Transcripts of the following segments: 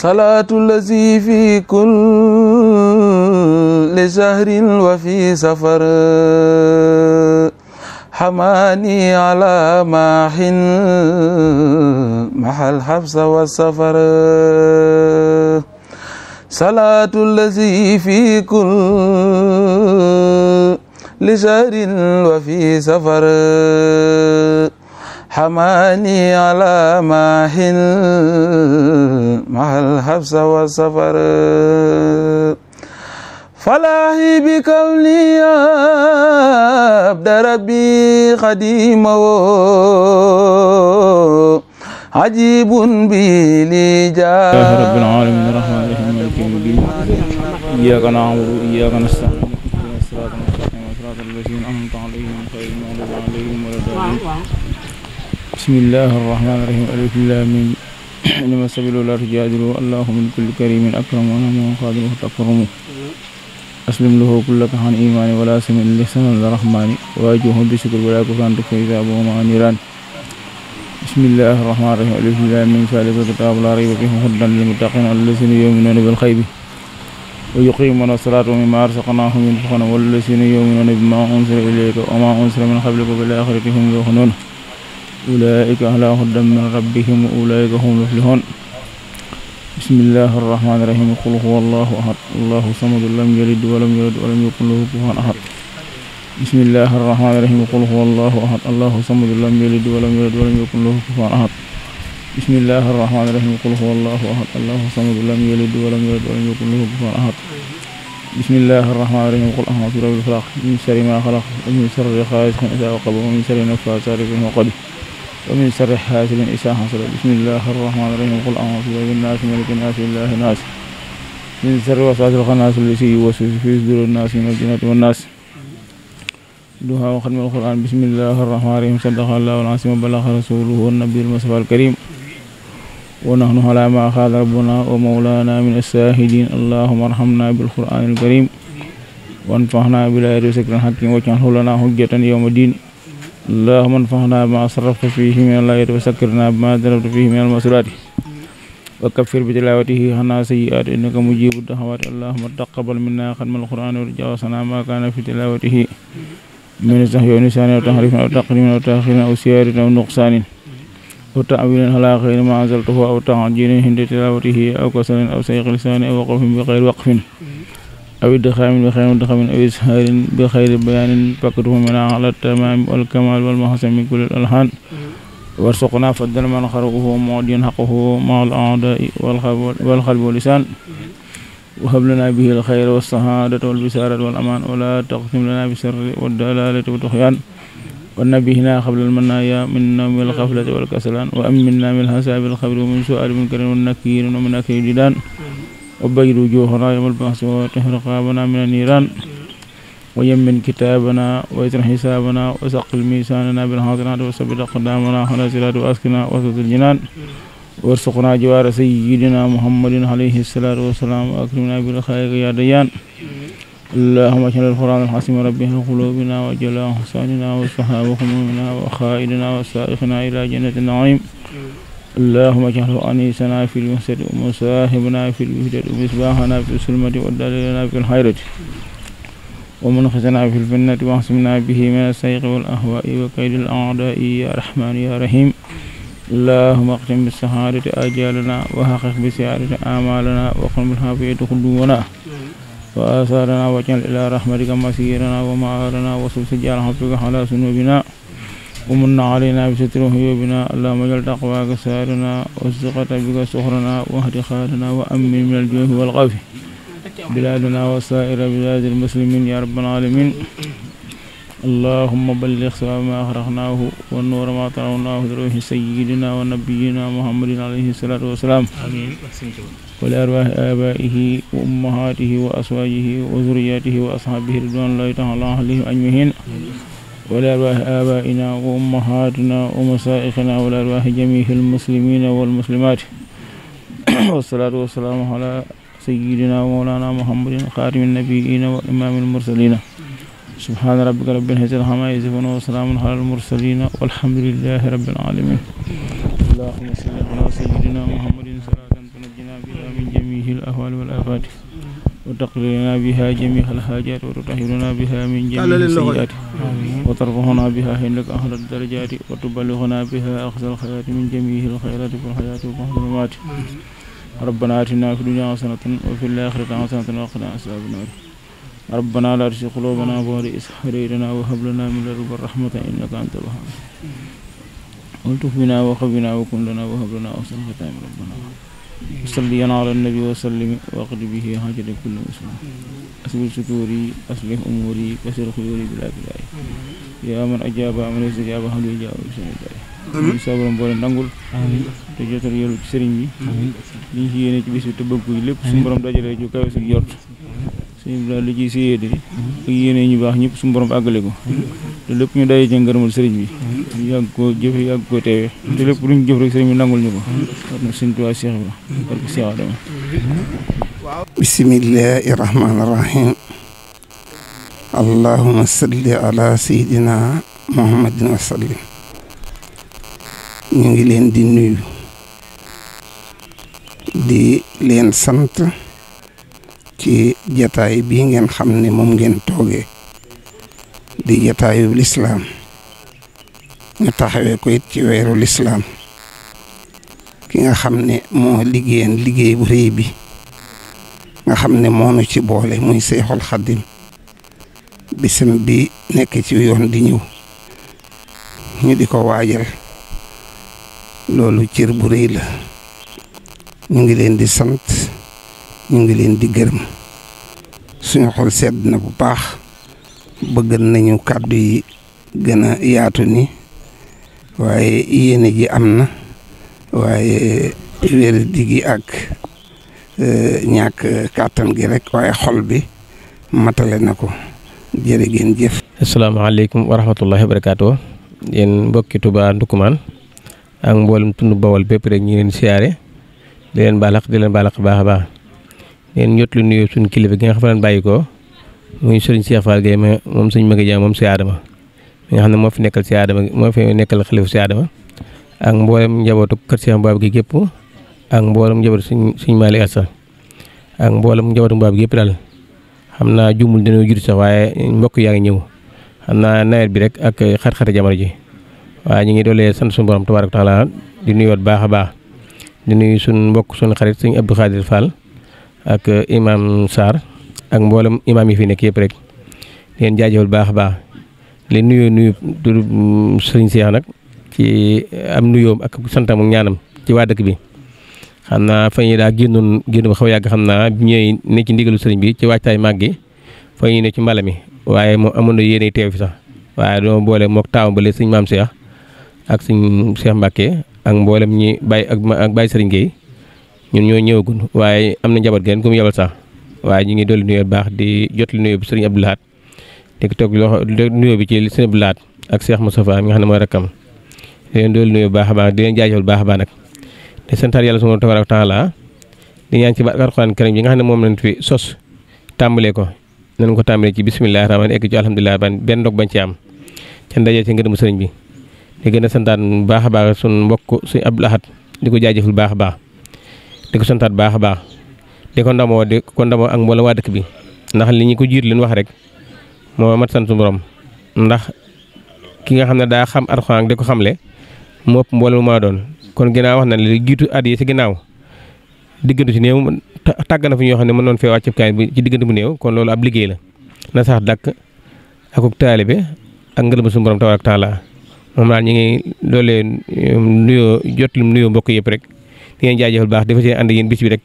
salaatu lazi fi kulli shahrin wa fi safar xamaani ala maaxin maxal xabsa wa safar salaatu lazi fi kulli shahrin wa fi safar xamaani ala maaxin مع الحبس والسفر فلاحي بكوني عبد ربي خديمه عجيب به لي جاه رب العالمين الرحمن الرحيم مالك يوم الدين إياك نعبد وإياك نستعين صراط المستقيم صراط الذين أنعمت عليهم غير المغضوب عليهم ولا الضالين بسم الله الرحمن الرحيم الف لام إنما السبيل ولا تجادلوا الله من كل كريم أكرم ومن قادره تكرموا أسلم له كلك عن إيمان ولا سمع لسان الرحمن واجهه بشكر ولا كفران تكيذاب وما نيران بسم الله الرحمن الرحيم ألف لله من ذلك الكتاب لا ريب فيه هدى للمتقين الذين يؤمنون بالخيب ويقيمون الصلاة ومما رزقناهم ينفقون والذين يؤمنون بما أنزل إليك وما أنزل من قبلك وبالآخرة هم يوقنون ulaika ala hudan min rabbihim wa ulaika hum muflihun bismillahi arrahmani irrahim qul huwa allahu ahad allahu samad lam yalid walam yulad walam yakun lahu kufuwan ahad bismillahi arrahmani irrahim qul huwa allahu ahad allahu samad lam yalid walam yulad walam yakun lahu kufuwan ahad bismillahi arrahmani irrahim qul huwa allahu ahad allahu samad lam yalid walam yulad walam yakun lahu kufuwan ahad bismillahi arrahmani irrahim qul a'uuzu bi rabbil falaq min sharri ma xalaq wa min sharri gaasiqin izaa waqab wa min sharri naffaasaati fil uqad ومن شر حاسد إذا حسد بسم الله الرحمن الرحيم قل أعوذ برب الناس ملك الناس إله الناس من شر وسواس الخناس الذي يوسوس في صدور الناس من الجنة والناس دوها وختم القرآن بسم الله الرحمن الرحيم صدق الله العظيم وبلغ رسوله والنبي المصطفى الكريم ونحن على ما أخذ ربنا ومولانا من الشاهدين اللهم ارحمنا بالقرآن الكريم وانفعنا بلا رزق الحكيم واجعله لنا حجة يوم الدين اللهم انفعنا بما أسرفت فيه من الآيات وسكرنا بما ذنبت فيه من المسرات وكفر بتلاوته عنا سيئات إنك مجيب الدعوات اللهم تقبل منا ختم القرآن وتجاوزنا ما كان في تلاوته من الزهي ونسان وتحريف وتقريم وتأخير أو سيارة أو نقصان وتأويل على خير ما أنزلته أو تعجيل عند تلاوته أو كسل أو سيق لسان أو وقف بغير وقف aw idxaamin bi xayrin idxaamin aw ishaarin bi xayri bayaanin pakatuhu min ala tamaam wal kamaal wal mahsan min kulli alhaan warsuqnaa fadlan man xaruhu mu'diyan xaqahu ma'al a'daa'i wal qalbi wal lisaan وهب لنا به الخير والسعادة والبشارة والأمان ولا تقسم لنا بالشر والدلالة والطغيان ونبهنا قبل المنايا من نوم الغفلة والكسلان وأمنا من حساب الخبر ومن سؤال المنكر والنكير ومن أكل الجدال وبيض وجوهنا يوم البعث وطهر رقابنا من النيران ويمن كتابنا ويسر حسابنا وسقل ميزاننا بالحاضرات وثبت أقدامنا على صراط وأسكنا وسط الجنان وارزقنا جوار سيدنا محمد عليه الصلاة والسلام وأكرمنا بالخير يا ديان اللهم اجعل القرآن الحسن ربها قلوبنا وجل أحساننا واصلح همومنا وخائدنا وسائقنا إلى جنة النعيم اللهم اجعله أنيسنا في المسجد ومصاحبنا في الوجد ومصباحنا في السلمة ودليلنا في الحيرة ومنقذنا في الجنة واعصمنا به من السيق والأهواء وكيد الأعداء يا رحمن يا رحيم اللهم اقسم بالسهارة آجالنا وحقق بسعادة آمالنا وقل بالحافية خدونا وآثارنا واجعل إلى رحمتك مسيرنا ومعارنا وصل سجال حفظك على سنوبنا ومن علينا بستر عيوبنا اللهم اجعل تقواك سائرنا وثقة بك سخرنا واهد خالنا وأمن من الجوع والغف بلادنا وسائر بلاد المسلمين يا رب العالمين اللهم بلغ ثواب ما أخرجناه والنور ما طلعناه بروح سيدنا ونبينا محمد عليه الصلاة والسلام آمين ولأرواح آبائه وأمهاته وأزواجه وذرياته وأصحابه رضوان الله تعالى عليهم أجمعين آمين ولأرواح آبائنا وأمهاتنا ومشايخنا ولأرواح جميع المسلمين والمسلمات والصلاة والسلام على سيدنا ومولانا محمد خاتم النبيين وإمام المرسلين سبحان ربك رب العزة عما يصفون وسلام على المرسلين والحمد لله رب العالمين اللهم صل على سيدنا محمد صلاة تنجينا بها من جميع الأهوال والآفات تقضينا بها جميع الحاجات وتطهرنا بها من جميع السيئات وترفعنا بها عندك أهل الدرجات وتبلغنا بها أخذ الخيرات من جميع الخيرات في الحياة وبعد الممات ربنا آتنا في الدنيا حسنة وفي الآخرة حسنة وقنا عذاب النار ربنا لا تزغ قلوبنا بعد إذ هديتنا وهب لنا من لدنك الرحمة إنك أنت الوهاب والتف بنا وخف بنا وكن لنا وهب لنا أحسن ختام ربنا salli ala nabi wa sallim bi bihi hajata kulli muslim asbil suturi aslih umuri kasir xuyuri bila bilaay yaa man ajaaba man istajaaba xam li jaaba bi sama jaay ñu sabaram boole nangul te jotal yoolu ci sëriñ bi li ñu ci yéene ci bis bi te bëgg ko lépp suñu borom dajalee ju kawe suñu jort suñu bi daal li ciy séyéedri ak yéene ñu baax ñëpp suñu borom àggale ko lépp ñu dayee ci ngërëmal sëriñ bi ñu yàgg koo jëf yàgg koo teewee lépp lu ñu jëf rek sëriñ bi nangul bismillahi rahmaani rahim allahuma salli ala sayyidina muhammadin wa sallim ñu ngi leen di nuyu di leen sant ci jataay bi ngeen xam ni moom ngeen toogee di jataayu lislaam ñu taxawee ko ci weeru lislaam ki nga xam ne moo liggéeyan liggéey bu réy bi nga xam ne moonu ci boole muy seexul xaddim bisam bi nekk ci yoon di ñëw ñu di ko waajal loolu cër bu réy la ñu ngi leen di sant ñu ngi leen di gërëm suñu xol sedd na bu baax bëgg nañu kàddu yi gën a yaatu ni waaye yéene ji am na waaye wéradi gi ak e, ñàkk kàttan gi rek waaye xol bi matale na ko jërë ngeen jëf. asalaamaaleykum wa rahmatullahi wa barakaatu yéen mbokki Touba Ndoukoumane ak mboolem tund Bawol bépp rek ñu leen siyaare di leen baalax di leen baalax baax baax di leen jot lu nuyoo suñu kilifa gi nga xam ne bàyyi ko muy sëriñ Cheikh Fall Gueye ma moom sëñ Maguette Dia moom si Adama mi nga xam ne moo fi nekkal si aadama moo fi nekkal xalifu si Adama ak mboolem njabootu kër Cheikh Mbab gi gépp ak mboolem njabootu suñ suñ Malick Assa ak mboolem njabootu Mbab gi yëpp daal xam naa jumul dina jur sax waaye mbokk yaa ngi ñëw xam naa nawet bi rek ak xat-xati jamono ji waaye ñu ngi doolee sant suñu borom tabaaraka taala di nuyuwaat baax a baax di nuyu suñ mbokk suñu xarit suñ Abdou Khadir Fall ak imam Sarr ak mboolem imaam yi fi nekk yëpp rek leen jaajëfal baax a baax leen nuyoo nuyu tudd sëriñ Seex nag ci eh, am nuyoom ak santa ak ñaanam ci waa dëkk bi xam naa fa ñuy daa génnoon génn xaw yàgg xam naa ñooy ne ci ndigalu sëriñ bi ci waajtaay màgg gi fa ñuy ne ci mbala mi waaye moo amoon na yéene teew fi sax waaye doo boole mook taawam ba léegi sëñ maam Seex ak sëñ Seex Mbàkke ak mboolem ñi bàyyi ak bàyyi sëriñ Gueye ñun ñoo ñëwagul waaye am na njaboot gën ku mu yebal sax waaye ñu ngi dolli nuyoo baax di jot li nuyoo bi sëriñ Abdou Lahad di ko toog bi ci sëriñ Abdou Lahad ak Cheikh Moustapha mi nga xam ne mooy rakkam di leen dolli nuyoo baax a baax di leen jaajëfal baax a baax nag di santaat yàlla subhaanahu tabaaraka wa taala di ñaan ci barke Alxuraan karim yi nga xam ne moom lañ fi sos tàmbalee ko nañ ko tàmbalee ci bisimilah rahmaani egg ci alhamdulilah ban benn dog ci am ca ndaje ci ngërëmu sëriñ bi di gën a santaat baax a baax suñ mbokk suñu Abdou Lahad di ko jaajëfal baax a baax di santaat baax a baax di ko ndamoo di ko ndamoo ak mboolem waa dëkk bi ndax li ñu ko jiit leen wax rek moo mat sant borom ndax ki nga xam ne daa xam Alxuraan di ko xamle moo ëpp maa doon kon ginnaaw wax na li jiitu at yi si ginnaaw diggante ci tàgg na fi ñoo xam ne mën noon fee wàcc kaay bi ci diggante bu néew kon loolu ab liggéey la na sax dàkk akuk taalibe ak ngërëm suñu borom tabaaraka taala moom daal ñu ngi loolee nuyoo jot lu nuyoo mbokk yëpp rek di ngeen jaajëfal baax dafa see ànd yéen bis bi rek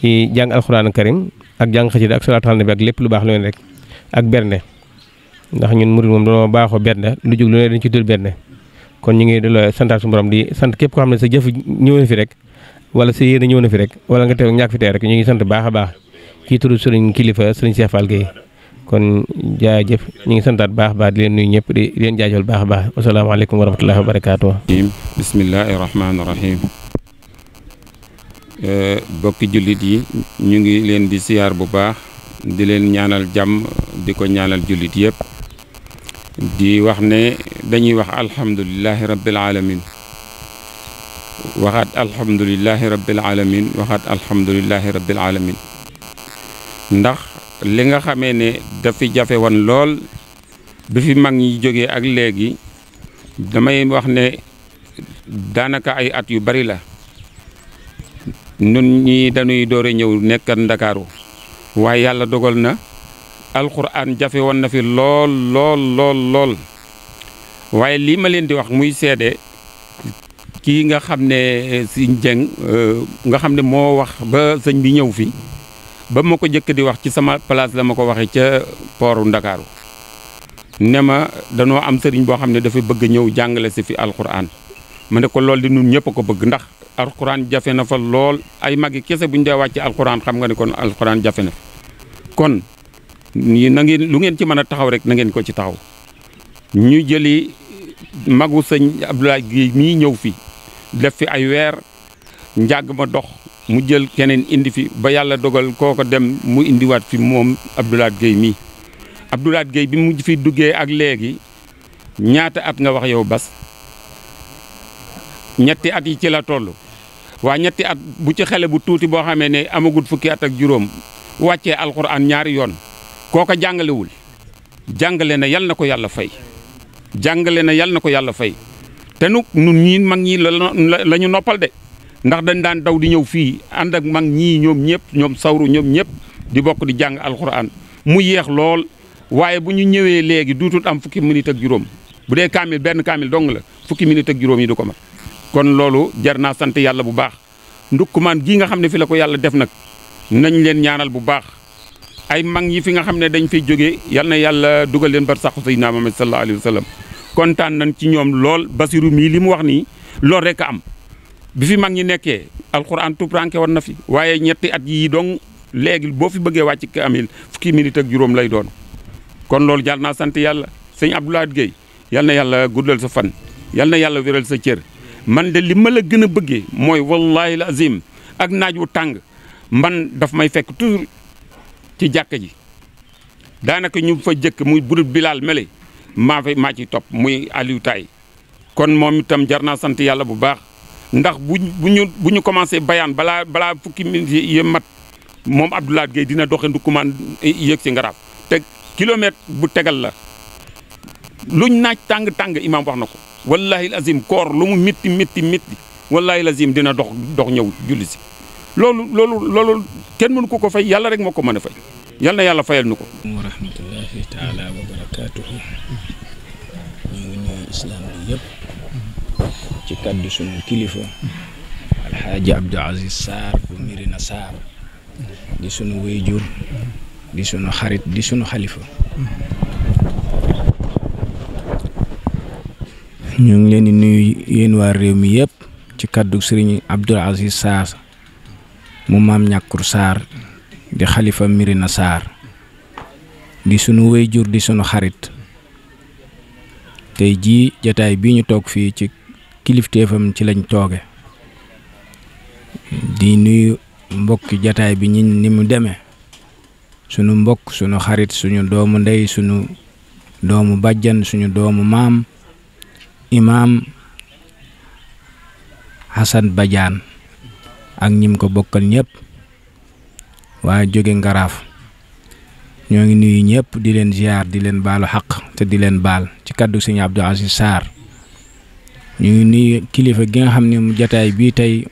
ci jàng alxuraan karim ak jàng xasida ak salaatu ala nabi ak lépp lu baax loolu rek ak bernde ndax ñun murid moom dañoo baaxoo bernde lu jug lu ne dañ ci dul bernde kon ñu ngi delloo santaat suñu borom di sant képp ko xam ne sa jëf ñëw fi rek wala sa yéene ñëw na fi rek wala nga teew ñàkk fi rek ñu ngi sant baax a baax ci turu sëriñ kilifa sëriñ Cheikh Fall Gueye kon jaajëf ñu ngi santaat baax a baax di leen nuyu ñëpp di leen jaajëfal baax baax wasalaamaaleykum wa rahmatullahi wa barakaatu bismillahi rahmaani Euh, bokki jullit yi ñu ngi leen di siyaar bu baax di leen ñaanal jàmm di ko ñaanal jullit yëpp di wax ne dañuy wax alhamdulilahi rabbil alamin waxaat alhamdulilahi rabbil alamin waxaat alhamdulilahi rabbil alamin ndax li nga xamee ne dafi jafe woon lool bi fi mag ñi jógee ak léegi damay wax ne daanaka ay at yu bari la nun ñii danuy doore a ñëw nekkat ndakaaru waaye yàlla dogal na alxuraan jafe woon na fi lool lool lool lool waaye lii ma leen di wax muy seede kii nga xam ne eh, sëñ Jeng eh, nga xam ne moo wax ba sëñ bi ñëw fi ba ma ko jëkk di wax ci sama place la ma ko waxee ca pooru ndakaaru ne ma danoo am sëriñ boo xam ne dafa bëgg ñëw jàngale si fi alxuraan mu ne ko loolu di nun ñëpp ko bëgg ndax alxuraan jafe na fa lool ay magi kese bu ñu dee wàcc alxuraan xam nga ne kon alxuraan jafe na kon na lu ngeen ci mën a taxaw rek na ngeen ko ci taxaw ñu jëli magu sëñ Abdoulaye Guèye mii ñëw fi def fi ay weer njàgg ma dox mu jël keneen indi fi ba yàlla dogal kooko dem mu indiwaat fi moom Abdoulaye Guèye mii Abdoulaye Guèye bi mu fi duggee ak léegi ñaata at nga wax yow Bas ñetti at yi ci la toll waa ñetti at bu ci xale bu tuuti boo xamee ne amagut fukki at ak juróom wàccee alxuraan ñaari yoon kooka jàngalewul jàngale na yal na ko yàlla fay jàngale na yal na ko yàlla fay te nu nun ñii mag ñii la ñu noppal de ndax dañ daan daw di ñëw fii ànd ak mag ñii ñoom ñëpp ñoom sawru ñoom ñëpp di bokk di jàng alxuraan mu yéex lool waaye bu ñu ñëwee léegi duutut am fukki minute ak juróom bu dee kaamil benn kaamil dong la fukki minute ak juróom yi du ko mag kon loolu jar naa sant yàlla bu baax ndukkumaan gii nga xam ne fi la ko yàlla def nag nañ leen ñaanal bu baax ay mag yi fi nga xam ne dañ fiy jógee yal na yàlla dugal leen bar saxu sayyidina Muhammad sallallahu alayhi wa sallam kontaan nañ ci ñoom lool Basiru mii li mu wax nii loolu rek am bi fi mag ñi nekkee alxuraan tupranke war na fi waaye ñetti at yii dong léegi boo fi bëggee wàcc kaamil fukki minute ak juróom lay doon kon loolu jar naa sant yàlla sëñ Abdoulaye Guèye na yàlla guddal sa fan yal na yàlla wéral sa cër man de li ma la gën a bëggee mooy wallaahi la azim ak naaj wu tàng man daf may fekk toujours ci jàkka ji daanaka ñu fa jëkk muy budut bilaal mele maa fay maa ci topp muy Aliou kon moom itam jar naa sant yàlla bu baax ndax bu bu ñu bu ñu commencé bayaan balaa balaa fukki minutes yi mat moom Abdoulaye Gueye dina doxe ndukkumaan yéeg si ngaraaf te kilomètre bu tegal la luñ naaj tàng-tàng imaam wax na ko wallahi lazim koor lu mu métti métti métti wallahi lazim dina dox dox ñëw julli si loolu loolu loolu kenn mënu ko ko fay yàlla rek moo ko mën a fay yal na yàlla fayal nu ko wa rahmatullahi taala wa barakaatuhu ñu ngi nuyu islam bi yëpp ci kaddu sunu kilifa alxaaji Abdou Aziz Sarr bu Mirina Sarr di sunu wéyjur di sunu xarit di sunu xalifa ñoo ngi leen di nuyu yéen waa réew mi yëpp ci kàddu sëriñ Abdoul Aziz Sarr mu maam ñàkkur Sarr di xalifa Mirina saar di sunu wéyjur di sunu xarit te jii jataay bi ñu toog fii ci kilifteefam ci lañ tooge di nuyu mbokki jataay bi ni mu demee sunu mbokk sunu xarit suñu doomu ndey sunu doomu bàjjan suñu doomu maam imaam Hassan bajaan ak ñim ko bokkal ñépp waaye jóge ngaraaf ñoo ngi nuyu ñëpp di leen ziar di leen baalu xaq te di leen baal ci kàddu sëñ Abdou Aziz Sarr ñu ngi nuyu kilifa gi nga xam ne mu jataay bii tey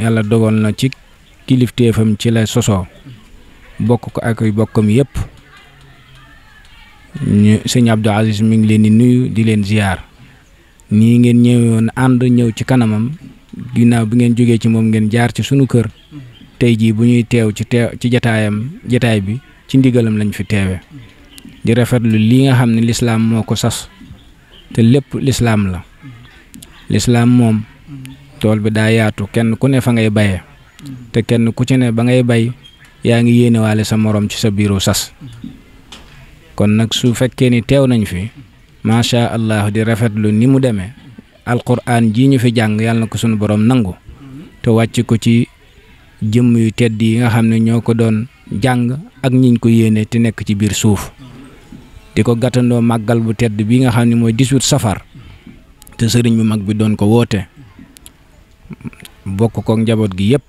yàlla dogal na ci kilifteefam ci la soso bokk ko ak bokkam yëpp ñu sëñ Abdou Aziz mi ngi leen di nuyu di leen ziar. nii ngeen ñëwoon ànd ñëw ci kanamam ginnaaw bi ngeen jógee ci moom ngeen jaar ci sunu kër tey jii bu ñuy teew ci teew ci jataayam jataay bi ci ndigalam lañu fi teewe di rafetlu li nga xam ne lislaam moo ko sas te lépp lislaam la lislaam moom tool bi daa yaatu kenn ku ne fa ngay bayee te kenn ku ci ne ba ngay bay yaa ngi yéenewaale sa moroom ci sa biiru sas kon nag su fekkee ni teew nañ fi macha allah di rafetlu ni mu demee alquran jii ñu fi jàng yàlla na ko sunu borom nangu te wàcc ko ci jëmm yu tedd yi nga xam ne ñoo ko doon jàng ak ñiñ ko yéene te nekk ci biir suuf di ko gàttandoo màggal bu tedd bi nga xam ne mooy 18 safar te sëriñ bu mag bi doon ko woote bokk ko njaboot gi yëpp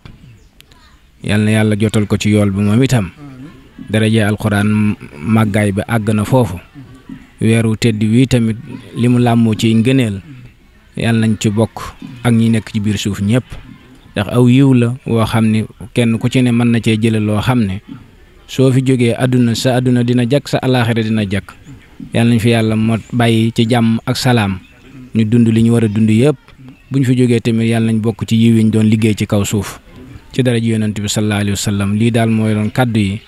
yal na yàlla jotal ko ci yool bi moom itam daraje alquran màggaay bi àgg na foofu. weeru tedd wii tamit li mu làmmoo ci ngëneel yàlla nañ ci bokk ak ñu nekk ci biir suuf ñëpp ndax aw yiw la woo xam ne kenn ku ci ne mën na cee jële loo xam ne soo fi jógee àdduna sa adduna dina jàkk sa alaaxira dina jàkk yàlla nañ fi yàlla mot bàyyi ci jàmm ak salaam ñu dund li ñu war a dund yëpp bu ñu fi jógee tamit yàlla nañ bokk ci yiw yi ñu doon liggéey ci kaw suuf ci dara ji yonent bi sallallahu alayhi sallam lii daal mooy doon kàddu yi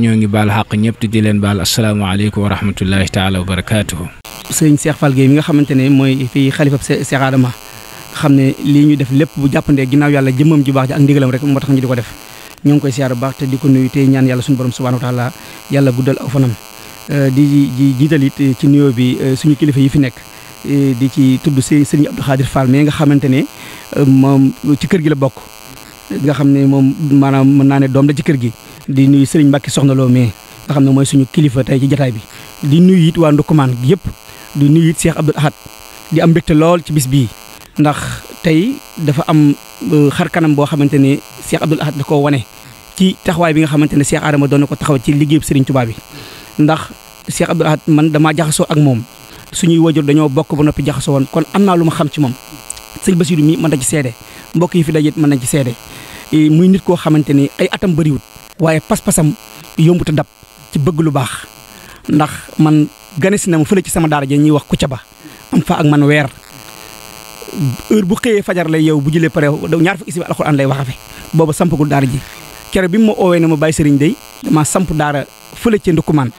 ñoo ngi baal xàq ñëpp di leen baal asalaamaaleykum wa rahmatullahi taala wa barakaatuhu. sëñ Cheikh Fall Gueye mi nga xamante ne mooy fii xalifa Cheikh Adama xam ne lii ñu def lépp bu jàppandee ginnaaw yàlla jëmmam ju baax ji ak ndigalam rek moo tax ñu di ko def ñoo ngi koy siyaar bu baax te di ko nuyu tey ñaan yàlla suñu borom subhaanahu wa taala yàlla guddal aw fanam. Euh, di di jiital it ci nuyoo bi euh, suñu kilifa yi fi nekk euh, di ci tudd sëñ Abdou Khadir Fall nga xamante ne moom ci kër gi la bokk. nga xam ne moom maanaam mën naa ne doom la ci kër gi di nuyu sëriñ Mbacke soxna loo mais nga xam ne mooy suñu kilifa tey ci jataay bi di nuy it waa Ndoukoumane gi yëpp di nuyu it Cheikh Abdoul Ahad di am mbégte lool ci bis bii ndax tey dafa am euh, xar kanam boo xamante ne Cheikh Abdoul Ahad koo wane ci taxawaay bi nga xamante ne Cheikh Adama doon na ko taxaw ci liggéeyub sëriñ Touba bi ndax Cheikh Abdoul Ahad man damaa jaxasoo ak moom suñuy wajur dañoo bokk ba noppi jaxasoo woon kon am naa lu ma xam ci moom sëñ Basiru mi mën na ci seede mbokk yi fi daje it mën nañ ci seede Eh, muy nit koo xamante ni ay atam bëriwut waaye pas-pasam yombut a dab ci bëgg lu baax ndax man gane na ma fële ci sama daara ja ñuy wax kucca ba am fa ak man weer heure bu xëyee fajar lay yow bu jëlee pare ñaar fukki isib alxuraan lay waxafe booba sampagul daara ji cere bi mu ma oowee ne ma bàyyi sëriñ day dama samp daara fële ci ndukumaan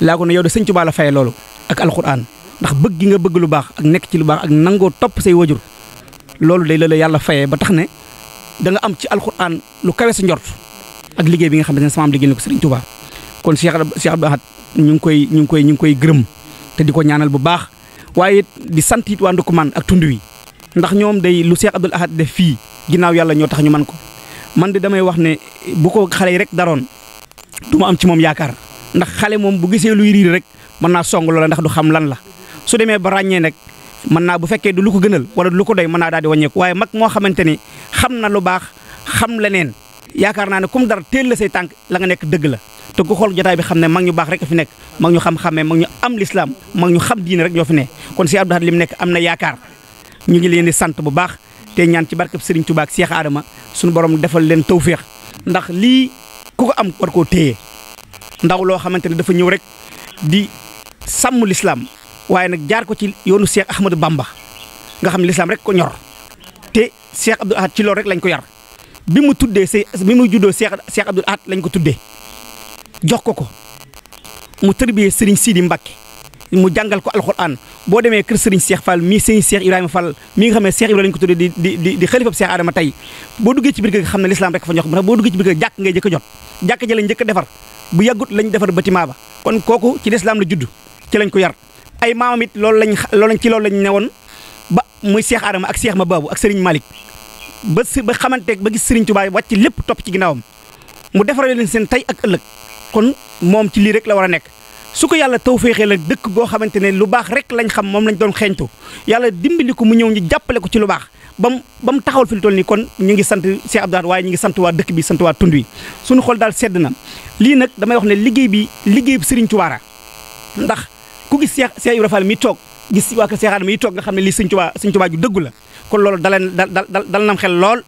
laa ko ne yow de sëñ Tuubaa la faye loolu ak alxuraan ndax bëgg gi nga bëgg lu baax ak nekk ci lu baax ak nangoo topp say wajur loolu yàlla fayee ba tax ne da nga am ci alxuraan lu kawe sa njort ak liggéey bi nga xam ne sama am liggéey na ko Serigne Touba kon Cheikh Cheikh Abdou Ahad ñu ngi koy ñu ngi koy ñu ngi koy gërëm te di ko ñaanal bu baax waaye di sant it waa Ndoukoumane ak tund wi ndax ñoom day lu Cheikh def fii ginnaaw yàlla ñoo tax ñu man ko man de damay wax ne bu ko xale rek daroon du ma am ci moom yaakaar ndax xale moom bu gisee lu riir rek mën naa song loola ndax du xam lan la su demee ba ràññee nag mën naa bu fekkee du lu ko gënal wala du lu ko doy mën naa daal di wàññeeku waaye mag moo xamante ni xam na lu baax xam leneen yaakaar naa ne comme dara teel la sey tànk la nga nekk dëgg la te ku xool jotaay bi xam ne mag ñu baax rek a fi nekk mag ñu xam-xamee mag ñu am lislaam mag ñu xam diine rek ñoo fi ne kon si Abdou Ahad li mu nekk am na yaakaar ñu ngi leen di sant bu baax te ñaan ci barkeb Serigne Touba ak Cheikh Adama suñu borom defal leen tawféex ndax lii ku am war koo téye ndaw loo xamante ne dafa ñëw rek di sàmm lislaam waaye nag jaar ko ci yoonu Cheikh Ahmadou Bamba nga xam ne lislaam rek ko ñor te Cheikh Abdoul Ahad ci loolu rek lañ ko yar bi mu tuddee say bi mu juddoo Cheikh Cheikh Abdoul Ahad lañ ko tuddee jox ko ko mu tërbiyee Serigne Sidi Mbacke mu jàngal ko alxuraan boo demee kër Serigne Cheikh Fall mii Serigne Cheikh Ibrahima Fall mi nga xam ne Cheikh Ibrahima lañ ko tuddee di di di di xalifab Cheikh Adama tey boo duggee ci biir kër xam ne lislaam rek fa ñor ndax boo duggee ci biir kër jàkk ngay njëkk a jot jàkk ja lañ njëkk a defar bu yàggut lañ defar bâtiment ba kon kooku ci lislaam la judd ci lañ ko yar ay maamam it loolu lañ loolu lañ ci loolu lañ newoon ba muy Cheikh Adama ak Cheikh baabu ak Serigne Malick ba si ba xamanteeg ba gis Serigne Touba wàcc lépp topp ci ginnaawam mu defaree leen seen tey ak ëllëg kon moom ci lii rek la war a nekk. su ko yàlla tawféexee la dëkk goo xamante ne lu baax rek lañ xam moom lañ doon xeeñtu yàlla dimbali ko mu ñëw ñu jàppale ko ci lu baax ba ba mu taxawal fi lu toll kon ñu ngi sant Cheikh Abdou waaye ñu ngi sant waa dëkk bi sant waa tund suñu xol daal sedd na lii nag damay wax ne liggéey bi liggéey bi Touba ndax ku gis Cheikh Cheikh Ibra Fall mi toog gis waa kër Cheikh Adama yi toog nga xam ne lii Sëñ Tuubaa Sëñ Tuubaa ju dëggu la kon loolu daleen nam xel lool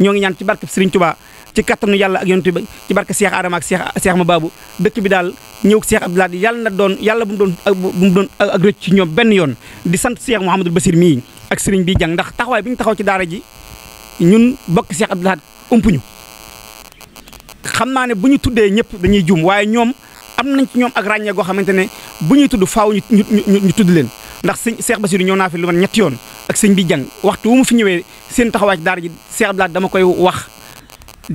ñoo ngi ñaan ci barke Sëriñ Tuubaa ci kattanu yàlla ak yonent bi ci barke Cheikh Adama ak Cheikh Cheikh ma baabu dëkk bi daal ñëw Cheikh Abdoulaye yàlla bu mu doon bu mu doon ak rëcc ci ñoom benn yoon di sant Cheikh Mouhamadou Bassir mii ak sëriñ bi jàng ndax taxawaay bi ñu taxaw ci daara ji ñun bokk Cheikh Abdoulaye umpuñu xam naa ne bu ñu tuddee ñëpp dañuy juum waaye ñoom am nañ ci ñoom ak ràññee goo xamante ne bu ñuy tudd faaw ñu ñu tudd leen ndax sëñ Cheikh Bassirou ñëw naa fi lu man ñetti yoon ak sëñ bi jàng waxtu wu mu fi ñëwee seen taxawaay daara ji Cheikh Abdoulaye koy wax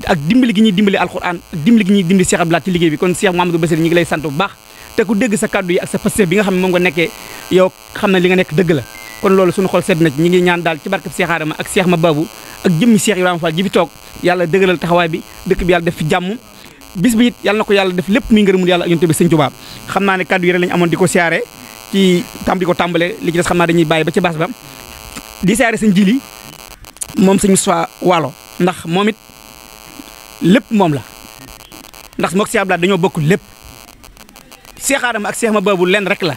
ak dimbali gi ñuy dimbali alxuraan ak dimbali gi ñuy dimbali Cheikh Abdoulaye ci liggéey bi kon Cheikh Mamadou Bassirou ngi lay sant bu baax te ku dégg sa bi nga xam ne moom nga nekkee yow xam ne li nga nekk dëgg la kon loolu suñu xol sedd na ñi ngi ñaan daal ci barkeb Cheikh Adama ak Cheikh Mababou ak jëmmi Cheikh Ibrahima Fall ji fi toog yàlla dëgëral taxawaay bi dëkk bi yàlla def fi jàmm bis yàlla na ko yàlla def lépp muy ngërëmul yàlla ak yonent bi sëñ Tuubaa xam naa ne kàddu yi rek lañ amoon di ko siyaare ci tam di ko tàmbale li ci xam naa dañuy bàyyi ba ci baas ba di siyaare sëñ Jili moom sëñ Moustapha Waalo ndax moom it lépp moom la ndax mook Cheikh Abdou dañoo bokk lépp Cheikh Adama ak Cheikh ma baabu lenn rek la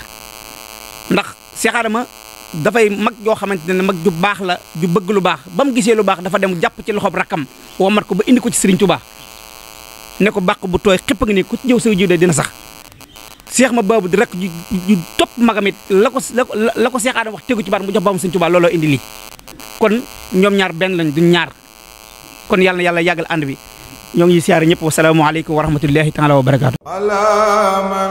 ndax Cheikh ma dafay mag joo xamante ne mag ju baax la ju bëgg lu baax ba mu gisee lu baax dafa dem jàpp ci loxob rakkam womat ko ba indi ko ci Serigne Touba ne ko bàq bu tooy xëpp nga ni ku ci ñëw jiw de dina sax seex ma baabu di rek ju topp magam la ko la ko seex wax tegu ci baat mu jox baamu sëñ Tuubaa looloo indi lii kon ñoom ñaar benn lañ duñ ñaar kon yàlla yàggal ànd bi ñoo ngi siyaare ñëpp wasalaamaaleykum wa rahmatullahi taala wa barakaatu ala man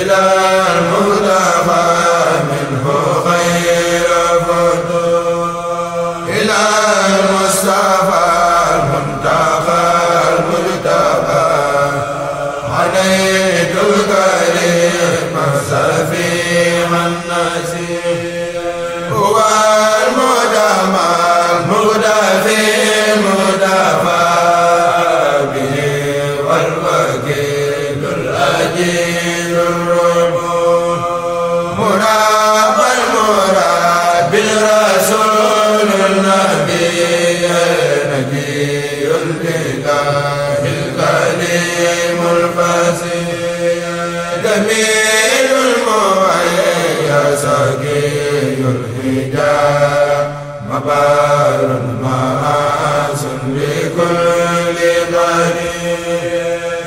ila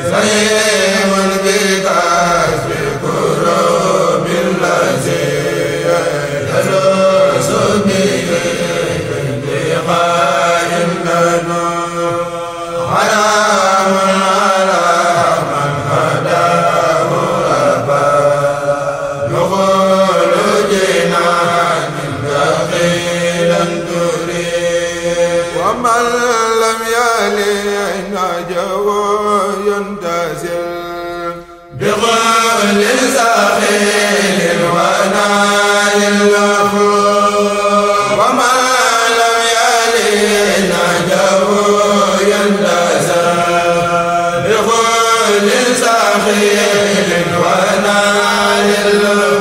Hey لسخير ونار